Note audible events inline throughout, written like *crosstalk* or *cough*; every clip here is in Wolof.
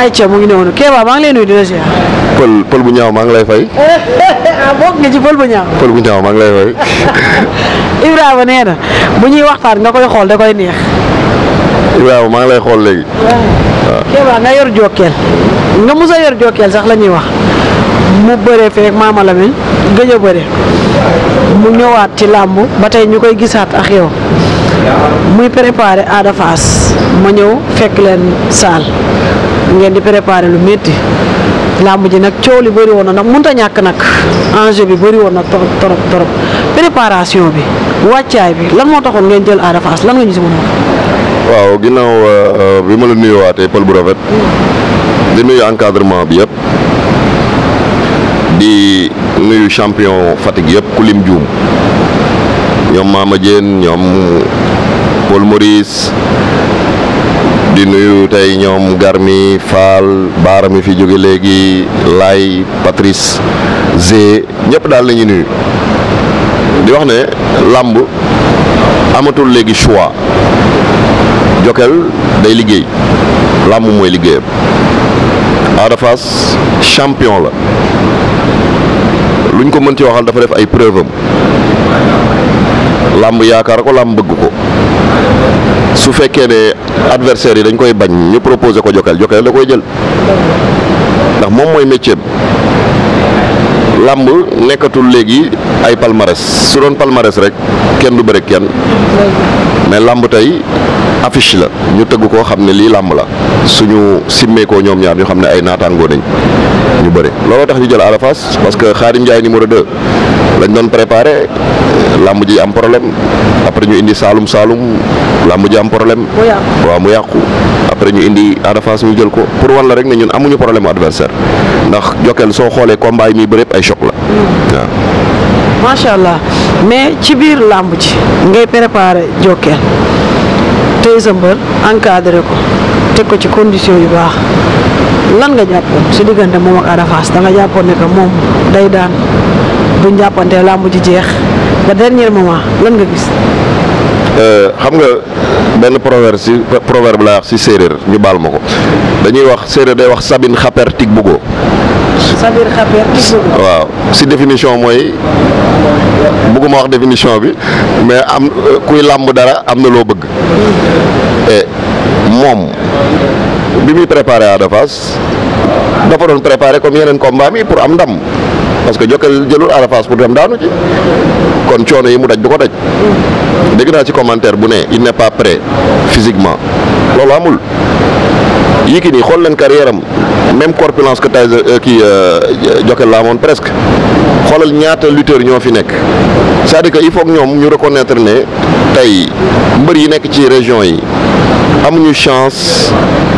ayca mu ngi noonu Kéba maa ngi lay nuyu di la bu ñaaw maa ngi lay fay. *laughs* ah bokk nga ci pël bu ñaaw. pël bu ñaaw maa ngi lay fay. *laughs* Ibrahima nee na bu ñuy waxtaan nga koy xool da koy neex. Ibrahima maa ngi lay xool léegi. waaw ah. nga yor jokkeel nga mus a yor jokkeel sax la ñuy wax mu bëree feek maama Lamine gëj a bëre mu ñëwaat ci làmb ba tey ñu koy gisaat ak yow muy préparé Ada Fass ma ñëw fekk leen saal. ngeen di préparer lu métti làmb ji nag coow li bëri woon na ndax ñàkk nag enjeu bi bëri woon na torop torop préparation bi wàccaay bi lan moo taxoon ngeen jël Ada Fass lan nga ñu si mën waaw ginnaaw euh, bi ma la nuyuwaatee pël bu rafet di nuyu encadrement bi yëpp di nuyu champion Fatick yëpp ku lim juum ñoom Mama ñoom Paul Maurice di nuyu tey ñoom Garmi Fall Baara mi fi jóge léegi Lay Patrice Zé ñëpp daal la nuyu di wax ne làmb amatul léegi choix Jokel day liggéey làmb mooy liggéeyam Ada Fass champion la luñ ko mën ci waxal dafa def ay preuve am làmb yaakaar ko làmb bëgg ko su fekkee ne adversaire yi dañ koy bañ ñu proposé ko Jokal Jokal da koy jël ndax moom mooy métier làmb nekkatul léegi ay palmarès su doon palmarès rek kenn du bëre kenn mais làmb tey affiche la ñu tëgg koo xam ne lii làmb la suñu simmeekoo ñoom ñaar ñu xam ne ay naataangoo nañ ñu bëre looloo tax ñu jël Ada Fass parce que Khadim Ndiaye numéro 2 lañ doon préparé làmb ji am problème après ñu indi Saalum Saalum làmb ji am problème. waaw mu yàqu après ñu indi Ada Fass ñu jël ko pour wan la rek ne ñun amuñu problème adversaire ndax Jokal soo xoolee combat yi muy bëri yëpp ay choc la hmm. waaw. macha allah mais ci biir làmb ci ngay préparé Jokal tey sa mbër encadré ko teg ko ci condition yu baax lan nga jàppoon si diggante moom ak Ada Fass jàppoon ne moom day daan. buñ jàppante làmb ji jeex ba dernier moment lan nga gis. Euh, xam nga benn proverbe si proverbe laa wax si séeréer ñu baal ma ko dañuy wax séeréer day wax sabin xaper tig bugo sabir waaw si définition mooy bugguma wax définition bi mais am kuy làmb dara am na loo bëgg et moom bi muy préparé à la phase dafa doon préparé comme yeneen combat mi pour am ndam. parce que Jokal jëlul Ada Fass pour dem daanu ci kon coono yi mu daj du ko daj dégg naa ci commentaire bu ne il n'est pas prêt physiquement loolu amul Yékini xool leen carrière am même corpulence que Tyson euh, kii euh, Jokal laa moon presque xoolal ñaata lutteur ñoo fi nekk cest à que il faut que ñoom ñu reconnaître ne tey mbër yi nekk ci région yi amuñu chance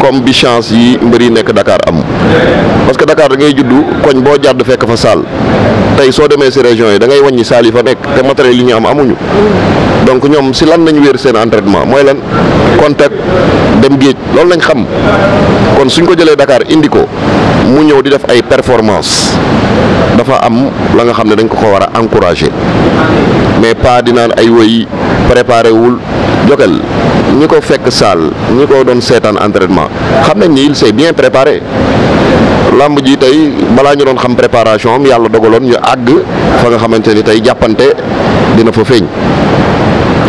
comme bi chance yi mbër yi nekk Dakar am parce que Dakar da ngay juddu koñ boo jàdd fekk fa saal tey soo demee si région yi dangay ngay wàññi saal yi fa nekk te matériel yi ñu am amuñu donc ñoom si lan nañ wéer seen entraînement mooy lan contact dem géej loolu lañ xam kon suñ ko jëlee dakaar indi ko mu ñëw di def ay performance dafa am la nga xam ne dañ ko ko war a encourager mais pas di naan ay woy préparé wul Jokal ñi ko fekk saal ñi ko doon seetaan entraînement xam nañ ni il s'est bien préparé làmb ji tey balaa ñu doon xam préparation am yàlla dogaloon ñu àgg fa nga xamante ni tey jàppante dina fa feeñ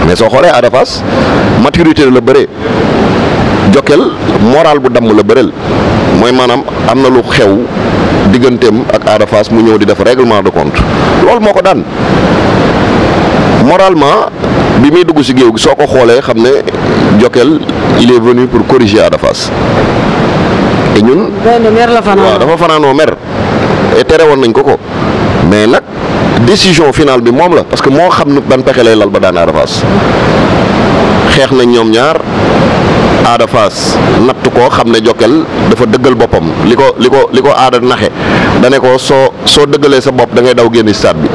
mais soo xoolee Ada Fass maturité la bëree Jokal moral bu damm la bëreel mooy maanaam am na lu xew digganteem ak Ada mu ñëw di def réglement de compte loolu moo ko daan moralement bi muy dugg si géew gi soo ko xoolee xam ne Jokal il est venu pour corriger Ada Fass te ñun. mer la fanaanoo waaw dafa fanaanoo mer et tere woon nañ ko ko mais nag décision finale bi moom la parce que moo xam ne ban pexe lay lal ba daan Ada xeex nañ ñoom ñaar. aada faas natt ko xam ne Jokal dafa dëggal boppam li ko li ko li ko aada naxe dane ko soo soo dëggalee sa bopp da ngay daw génn saat bi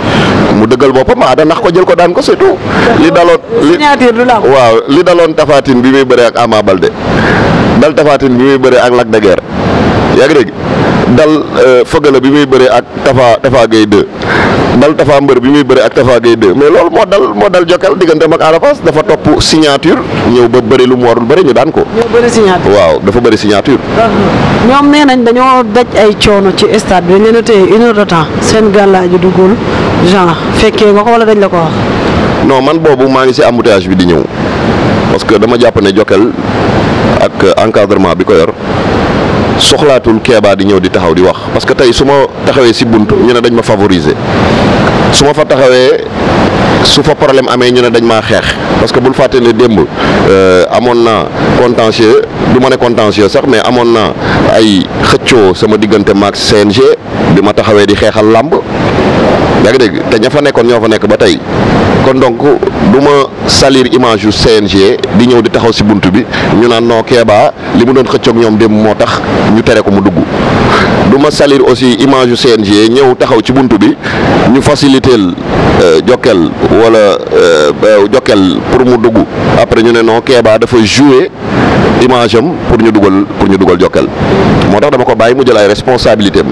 mu dëggal boppam aada ndax ko jël ko daan ko surtout li daloon li waaw li daloon tafaatin bi muy bëree ak Ama Balde dal tafaatin bi muy bëree ak Lac de yaa ngi dégg dal euh, fëgala bi muy bëree ak Tafa Tafa Gueye 2 dal Tafa mbër bi muy bëree ak Tafa Gueye 2 mais loolu moo dal moo dal diggante digganteem ak Arafas dafa topp signature ñëw ba bëri lu mu warul bëri ñu daan ko. ñëw waaw dafa bëri signature. Uh-huh. ñoom nee nañ dañoo daj ay coono ci stade bi dañ leen a téye une heure temps seen gàllaaju duggul genre fekkee nga ko wala dañ la ko wax. non man boobu maa ngi si embouteillage bi di ñëw parce que dama jàpp ne Jokal ak encadrement bi ko yor. soxlaatul keebaa di ñëw di taxaw di wax parce que tey su ma taxawee si bunt ñu ne dañ ma favoriser su ma fa taxawee su fa problème amee ñu ne dañ maa xeex parce que bul fàtte ne démb euh, amoon na contentieux du ma ne contentieux sax mais amoon na ay xëccoo sama diggante maak CNG bi ma taxawee di xeexal làmb yaa ngi dégg te ña fa nekkoon ñoo fa nekk ba tey kon donc du ma salir image yu CNG di ñëw di taxaw si bunt bi ñu naan non Kéba li mu doon xëccoog ñoom démb moo tax ñu tere ko mu dugg du ma salir aussi image yu CNG ñëw taxaw ci bunt bi ñu faciliteel euh, Jokal wala euh, Jokal pour mu dugg après ñu ne noo Kéba dafa jouer image am pour ñu dugal pour ñu dugal Jokal moo tax dama ko bàyyi mu jël ay responsabilité am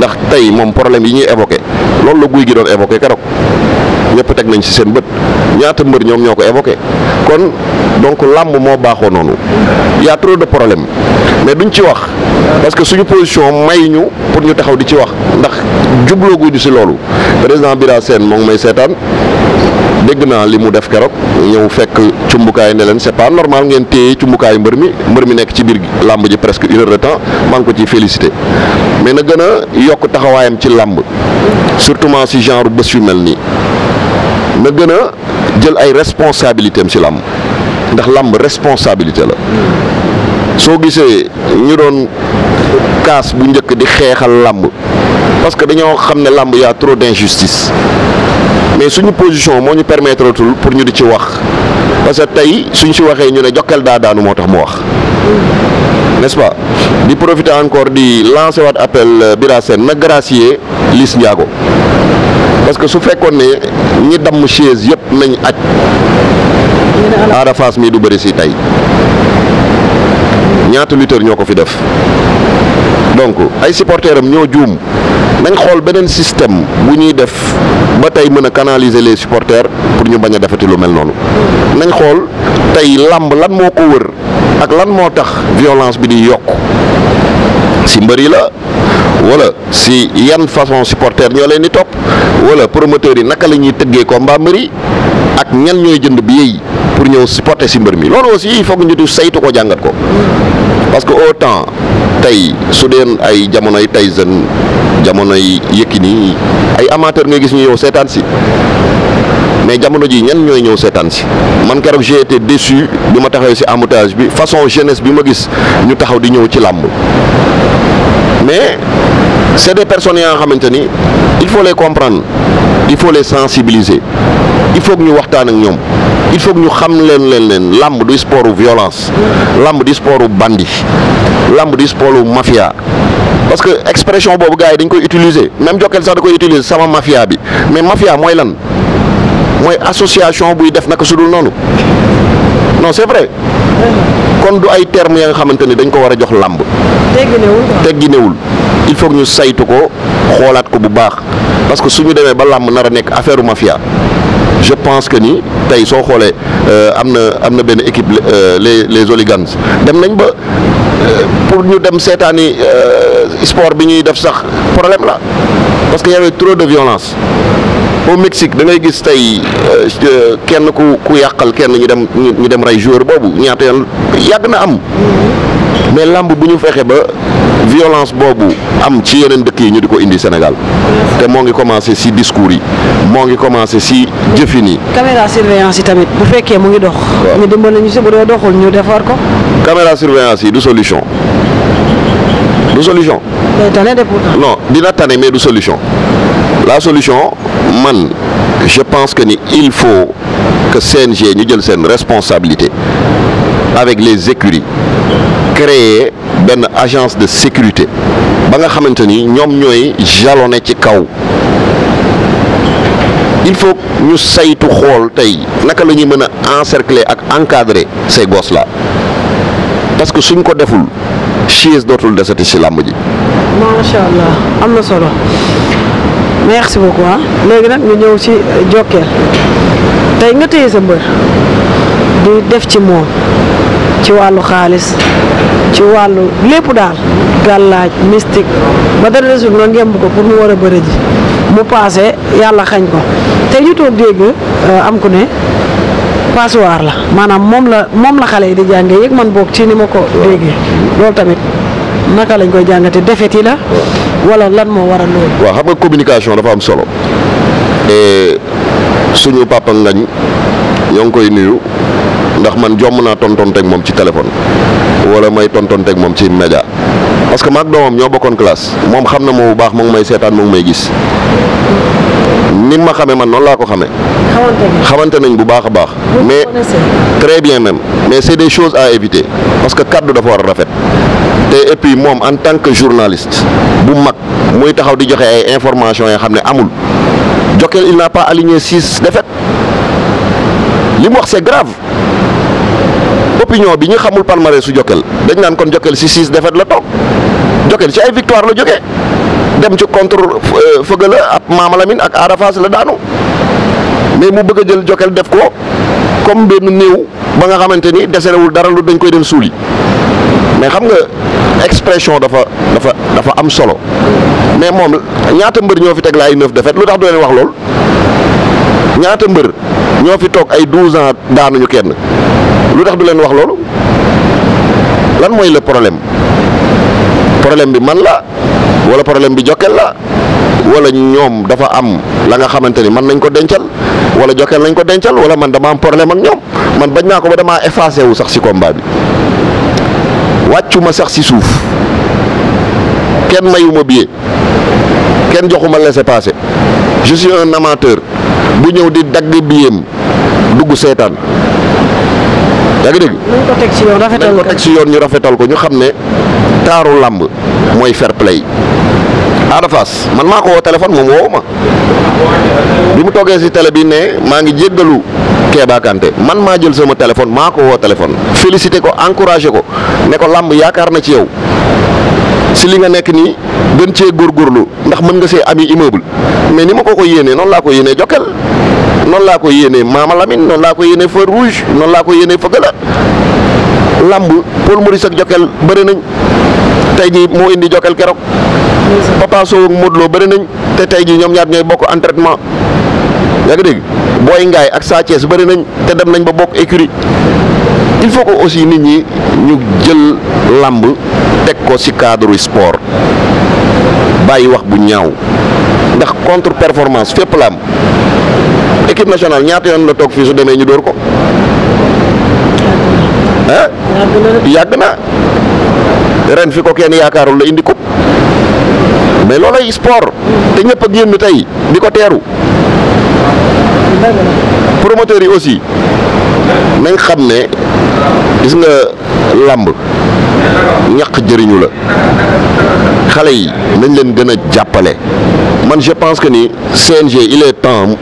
ndax tey moom problème yi ñuy évoqué loolu la guy gi doon évoqué keroog ñëpp teg nañ ci seen bët ñaata mbër ñoom ñoo ko évoqué kon donc làmb moo baaxoo noonu yaa a trop de problème mais duñ ci wax parce que suñu position may ñu pour ñu taxaw di ci wax ndax jubloo guñu si loolu président Bira Sène moo ngi may seetaan dégg naa li mu def keroog ñëw fekk cumbukaay ne leen c'est pas normal ngeen téye cumbukaayu mbër mi mbër mi nekk ci biir làmb ji presque une heure de temps maa ngi ko ciy félicité mais na gën a yokk taxawaayam ci làmb surtout si genre bés yu mel nii na gën a jël ay responsabilité am ci làmb ndax làmb responsabilité la soo gisee ñu doon kaas bu njëkk di xeexal làmb parce que dañoo xam ne làmb yaa a trop d'injustice mais suñu position moo ñu permettratul pour ñu di ci wax parce que tey suñ ci waxee ñu ne Jokal daa daanu moo tax mu wax n'est-ce pas di profiter encore di lancer waat appel euh, Bira Sène na gracier Liss Ndiago parce que su fekkoon ne ñi damm chaise yëpp nañ aj Ada fas mi du bëri si tey ñaata lutteur ñoo ko fi def donc ay supporteurs am ñoo juum nañ xool beneen système bu ñuy def ba tey mën a canaliser les supporters pour ñu bañ a defati lu mel noonu nañ xool tey làmb lan moo ko wër ak lan moo tax violence bi di yokk si mbër yi la wala si yan façon supporter ñoo leen di topp wala promoteurs yi naka la ñuy tëggee combat mbaa yi ak ñan ñooy jënd billet yi pour ñëw supporter si mbër mi loolu aussi il faut ñu di saytu ko jàngat ko parce que tey su deen ay jamonoy Tyson jamonoy Yékini ay amateur ngay gis ñu yow seetaan si mais jamono ji ñan ñooy ñëw seetaan si man keroog j'ai été déçu bi ma taxaw si embouteillage bi façon jeunesse bi ma gis ñu taxaw di ñëw ci làmb mais c'est des personnes yoo xamante ni il faut les comprendre il faut les sensibiliser il faut ñu waxtaan ak ñoom il faut ñu xam leen leen leen làmb du sport u violence làmb du sport u bandi làmb du sport mafia parce que expression boobu gars yi dañ koy utiliser même Jokal sax da koy utiliser sama mafia bi mais mafia mooy lan mooy association buy def naka sudul noonu non c'est vrai kon du ay termes ya nga xamante ni dañ ko war a jox làmb tegginewul il faut ñu saytu ko xoolaat ko bu baax parce que su ñu demee ba làmb nar a nekk affaire mafia je pense que ni tey soo xoolee euh, am na am na benn équipe euh, les les hooligans dem nañ ba euh, pour ñu dem seetaani sport bi ñuy def sax problème la parce que y avait trop de violence au Mexique da ngay gis tey kenn ku ku yàqal kenn ñu dem ñu dem rey joueur boobu ñaata yoon yàgg na am mais làmb bu ñu fexe ba. violence boobu am ci yeneen dëkk yi ñu di ko indi Sénégal te moo ngi commencé si discours yi moo ngi commencé si jëfin yi. caméra surveillance yi tamit bu fekkee mu ngi dox. ñu dimbali ñu si bu dee doxul ñu defar ko. caméra surveillance yi du solution du solution. day tane de pourtant. non dina tane mais du solution la solution man je pense que ni il faut que seen CNG ñu jël seen responsabilité. avec les écuries créer benn agence de sécurité ba nga xamante ni ñoom ñooy jalonné ci kaw il faut ñu saytu xool tey naka la ñuy mën a encercler ak encadrer ces gosses là parce que suñ ko deful chaise dootul desati ci làmb ji. macha allah am na solo merci beaucoup ah. léegi nag ñu ñëw ci Jokkeel. tey nga téye sa mbër di def ci moom ci wàllu xaalis ci wàllu lépp daal gàllaaj mystique ba dara desul nga ngemb ko pour mu war a bëre ji mu paase yàlla xañ ko te ñu toog dégg euh, am ku ne passoir la maanaam moom la moom la xale yi di jànge yëg man boog ci ni ma ko déggee loolu tamit naka lañ koy jàngate defet yi la wala lan moo waral loolu. waaw xam nga communication dafa am solo. suñu papa ngañ ñoo ngi koy nuyu ndax man jomm naa tontonteeg moom ci téléphone wala may tontonteeg moom ci média parce que maag doomam ñoo bokkoon classe moom xam na moo bu baax mu ngi may seetaan mu may gis ni ma xamee man noonu laa ko xamee. xamante nañ bu baax a baax. mais très bien même mais c'est des choses à éviter parce que kàddu dafa war a rafet te et puis moom en tant que journaliste bu mag muy taxaw di joxe ay informations yoo xam ne amul. Jokal il n'a pas aligné six défaites li mu wax c'est grave opinion bi ñu xamul palmarès su Jokal dañ naan kon Jokal si six défaites la toog Jokal ci ay victoire la jóge dem ci contre Feugeula ak Maama Lamine ak Arafas la daanu mais mu bëgg a jël Jokal def ko. comme benn néew ba nga xamante ni deserewul dara lu dañ koy dem suuli mais xam nga expression dafa dafa dafa am solo mais moom ñaata mbër ñoo fi teg la ay neuf défaites lu tax du leen wax lool ñaata mbër ñoo fi toog ay douze ans daanuñu kenn lu tax du leen wax loolu lan mooy la problème problème bi man la wala problème bi Jokal la. wala ñoom dafa am la nga xamante ni man nañ ko dencal wala jokkeel nañ ko dencal wala man dama am problème ak ñoom man bañ naa ko ba damaa effacé wu sax si combat bi wàccuma sax si suuf kenn mayuma billet kenn joxuma laissez-passer je suis un amateur bu ñëw di dagg biyem dugg seetaan yaa ngi dégg. ko teg ci yoon rafetal nañ ko teg ci yoon ñu rafetal ko ñu xam ne taaru làmb mooy fair play Ada Fass man maa ko woo téléphone moom woowu ma bi mu toogee si télé bi ne maa ngi jéggalu Keba man maa jël sama téléphone maa ko woo téléphone félicité ko encouragé ko ne ko làmb yaakaar na ci yow si li nga nekk nii gën cee góor góorgóorlu ndax mën nga see ami immeuble mais ni ma ko ko yéenee noonu laa ko yéenee Jokal noonu laa ko yéenee Mama Lamine noonu laa ko yéenee Feu Rouge noonu laa ko yéenee Fëgala làmb Paul Maurice ak Jokal bëri nañ. tey jii moo indi Jokal keroog Papa Sow ak Modou Lo nañ te tey jii ñoom ñaar ñooy bokk entraînement yaa ngi dégg Boy Ngaay ak Sa Thiès bëri nañ te dem nañ ba bokk écurie il faut que aussi nit ñi ñu jël làmb teg ko ci cadre sport bàyyi wax bu ñaaw ndax contre performance fépp làmb am équipe nationale ñaata yoon la toog fii su demee ñu dóor ko ah yàgg na ren fi ko kenn yaakaarul la indi coupe mais loolay sport te ñëpp a génn tey di ko teeru promoteurs yi aussi nañ xam ne gis nga làmb ñaq jëriñu la xale yi nañ leen gën a jàppale man je pense que ni CNG il est temps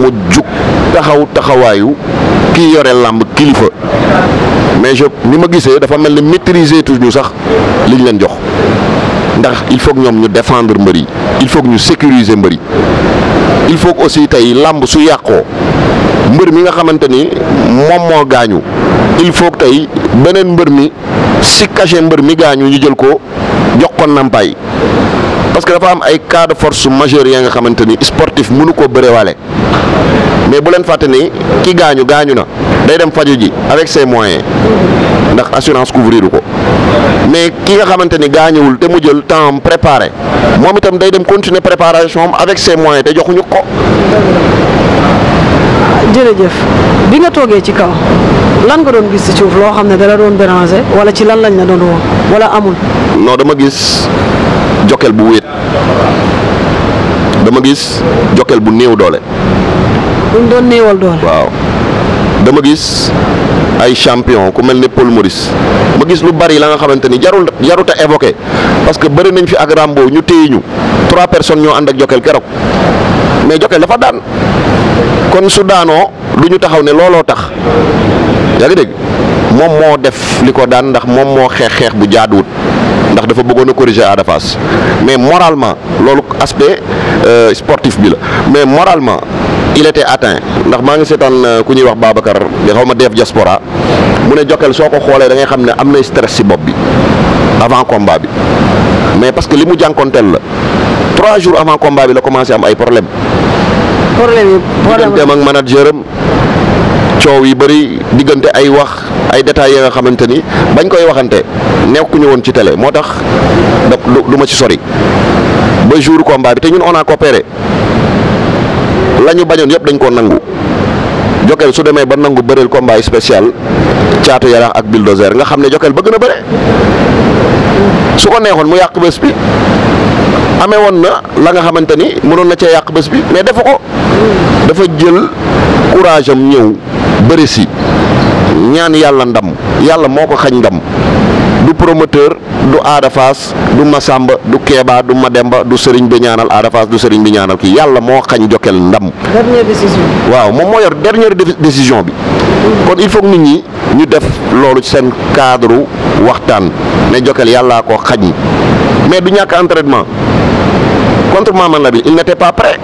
mu jug taxaw taxawaayu kii yore làmb kilifa mais je ni ma gisee dafa mel ni maîtriser ñu sax liñ leen jox ndax il faut que ñoom ñu défendre mbër yi il faut ñu sécuriser mbër yi il faut aussi tey làmb su yàqoo mbër mi nga xamante ni moom moo gaañu il faut tey beneen mbër mi si cachet mbër mi gaañu ñu jël ko jox ko nampaay parce que dafa am ay cas de force majeure ya nga xamante ni sportif mënu koo bërewaale mais bu leen fàtte ni ki gaañu gaañu na day dem faju ji avec ses moyens ndax assurance couvriru ko mais ki nga xamante ni gaañuwul te mu jël temps préparé moom itam day dem continuer préparation am avec ses moyens te joxuñu ko. jërëjëf bi nga toogee ci kaw lan nga doon gis ci suuf loo xam ne dala doon déranger wala ci lan lañ la doon woo wala amul. non dama gis jokkel bu wéet dama gis jokkel bu néew doole. buñ doon néewal waaw dama gis ay champion ku mel ni Paul Maurice ma gis lu bari la nga xamante ni jarul jarut a évoqué parce que bëri nañ fi ak Rambo ñu téye ñu trois personnes ñoo ànd ak Jokal keroog mais Jokal dafa daan kon su daanoo du ñu taxaw ne looloo tax yaa ngi dégg moom moo def li ko daan ndax moom moo xeex xeex bu jaaduwut ndax dafa bëggoon a corriger Ada Fass mais moralement loolu aspect euh, sportif bi la mais moralement. il était atteint ndax maa ngi seetaan euh, ku ñuy wax Babacar bi xaw ma def diaspora mu ne Jokal soo ko xoolee da ngay xam ne am na stress si bopp bi avant combat bi mais parce que li mu jànkonteel la trois jours avant combat bi la commencé am ay problème problème yi problème dem ak manager am coow yi bëri diggante ay wax ay détails yi nga xamante ni bañ koy waxante nekkuñu woon ci télé moo tax da du ma ci sori ba jour combat bi te ñun on a la ñu bañoon yëpp dañ koo nangu Jokal su demee ba nangu bëreel combat spécial caatu yaraax ak bulldozer nga xam ne Jokal bëgg na bëre su ko neexoon mu yàq bés bi amee woon na la nga xamante ni mënoon na cee yàq bés bi mais defu ko dafa jël courage am ñëw bëri si ñaan yàlla ndam yàlla moo ko xañ ndam du promoteur du Ada Fass du Masamba du Kéba du Mademba du sëriñ bi ñaanal Ada Fass du sëriñ bi ñaanal kii yàlla moo xañ Jokal ndam. dernière décision. waaw moom moo yor dernière décision bi. kon il faut nit ñi ñu def loolu ci seen cadre waxtaan ne Jokal yàllaa ko xañ mais du ñàkk entraînement contre Maman Labi il n'était pas prêt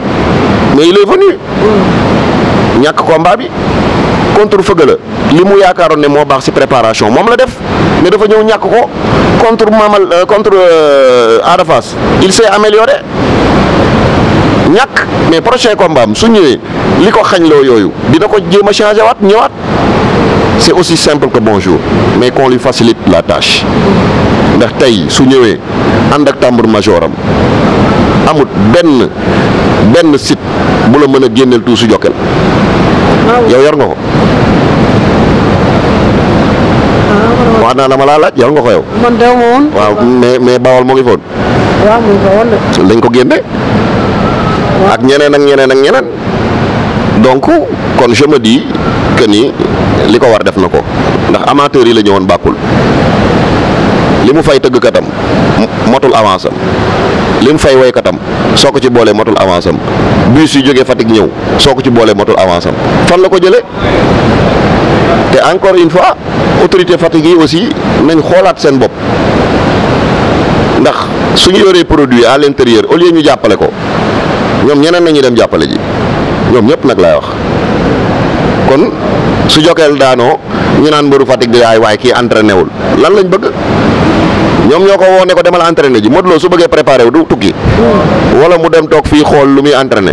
mais il est venu. Mm. ñàkk combat bi. contre fëgg la li mu yaakaaroon ne moo baax ci préparation moom la def mais dafa ñëw ñàkk ko contre mamal euh, contre euh, Ada Fass il s'est amélioré ñàkk mais prochain ko mbaam su ñëwee li ko xañ loo yooyu dina ko jéem a changé waat ñëwaat c'est aussi simple que bonjour mais qu'on lui facilite la tâche ndax tey su ñëwee ànd ak tambour majoram amut benn benn site bu la mën a génneel tout su jokkel yow yor nga ko. Ah, wax naa la ma laa laaj yor nga ko yow. man dew ma woon. waaw mais mais bawal moo ngi foon. woon de. dañ ko génne. ak ñeneen ak ñeneen ak ñeneen. donc kon je me dis que li ko war def na ko ndax amateurs yi la ñëwoon bàkkul li mu fay tëggkatam motul avance am li fay woykatam soo ko ci boolee motul avance am bus yu jógee Fatick ñëw soo ko ci boolee motul avance fan la ko jëlee te encore une fois autorité Fatick yi aussi nañ xoolaat seen bopp ndax su ñu yoree produit à l'intérieur au lieu ñu jàppale ko ñoom ñeneen nañu dem jàppale ji ñoom ñëpp nag laay wax kon su jokkeel daanoo ñu naan mbëru Fatick bi ay waay kii entraîné wul lan lañ bëgg. ñoom ñoo ko woo ne ko demal entraîné ji Modou Lo su bëggee préparé wu du tukki wala mu dem toog fii xool lu muy entraîné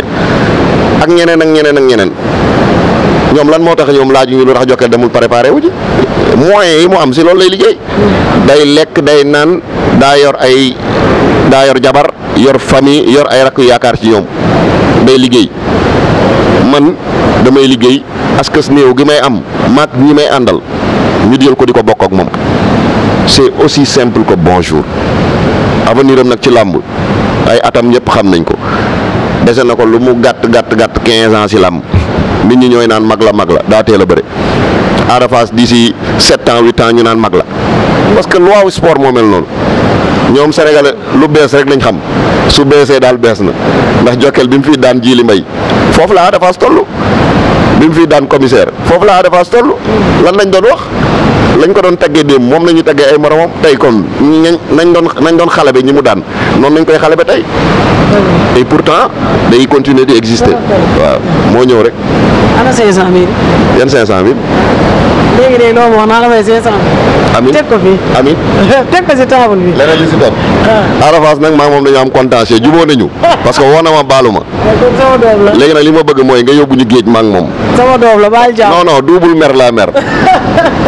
ak ñeneen ak ñeneen ak ñeneen ñoom lan moo tax ñoom laaju ñu lu tax Jokal demul préparé wu ji moyens yi mu am si loolu lay liggéey day lekk day naan daa yor ay daa yor jabar yor famille yor ay rakk yaakaar ci ñoom day liggéey man damay liggéey askas néew gi may am maag ñi may àndal ñu jël ko di ko bokk ak moom c'est aussi simple que bonjour avenir am nag ci làmb ay atam ñëpp xam nañ ko dese na ko lu mu gàtt gàtt gàtt 15 ans ci làmb nit ñi ñooy naan mag la mag la daa teel a bëre Ada Fass d'ici 7 ans 8 ans ñu naan mag la parce que loi sport moo mel noonu ñoom Sénégalais lu bees rek lañ xam su beesee daal bees na ndax Jokal bi mu fi daan jiili mbay foofu la Ada Fass toll bi mu fi daan commissaire foofu la Ada Fass lan lañ doon wax. lañ ko doon taggee démb moom la ñu taggee ay moromam tey kon nañ doon xale bi ñi mu daan noonu lañ koy xale ba tey et pourtant day continuer di existe waaw moo ñëw rek. ana 500000. yan 500000. léegi léegi loo naa la may 500. teg ko si *laughs* table bi. leneen li si topp. Ah. nag maa moom dañu am contentieux jubóo nañu *laughs* parce que woo na ma baalu ma. léegi nag li ma bëgg mooy nga yóbbu ñu géej maak moom. sama doom la baal jàmm non non double mer la mer. *laughs*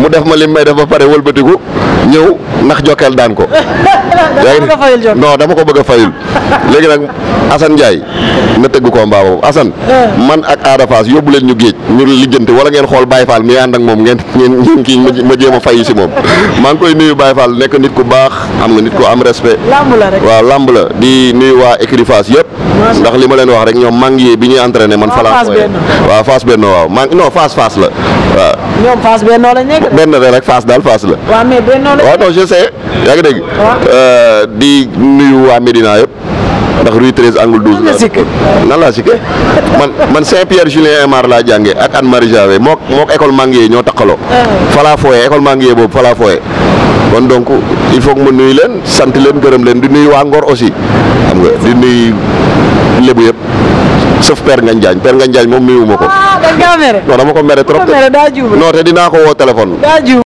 mu def ma lim may def ba pare wëlbatiku ñëw ndax jokkeel daan ko. noo *laughs* non dama ko bëgg a fayul. léegi nag Assane Ndiaye na tëgg ko mbaa boobu Assane. Ah. man ak Ada Fass yóbbu leen ñu géej ñu lijjanti wala ngeen xool Baye Fall mi ànd ak moom ngeen ngeen kii ma jéem a fayu si moom. *laughs* maa ngi koy nuyu Baye Fall nekk nit ku baax am na nit ku am respect. lamb la waaw lamb la di nuyu waa écurie Fass yëpp. ndax li ma leen wax rek ñoom maa ngi bi ñuy entraîné man. fa laa waaw Fass benn waaw la ñoom Fass bennoo la benn de rek Fass daal Fass la. waaw mais bennoo je sais yaa ngi dégg. Euh, di nuyu waa Médina yëpp. ndax rue 13 angle 12 la nan man man Saint-Pierre Julien Aymar laa jàngee ak Anne Marie Javet mook mook école Manguier ñoo taqaloo. Ah. falaa fooyee école Manguier boobu falaa fooyee kon donc il faut ma nuyu leen sant leen gërëm leen di nuyu waa Ngor aussi xam nga di nuyu lébu yëpp. sauf Père Ngagne Diagne Père Ngagne Diagne moom nuyuwuma ko. Ah, non dama ko mere trop. non te dinaa ko woo téléphone.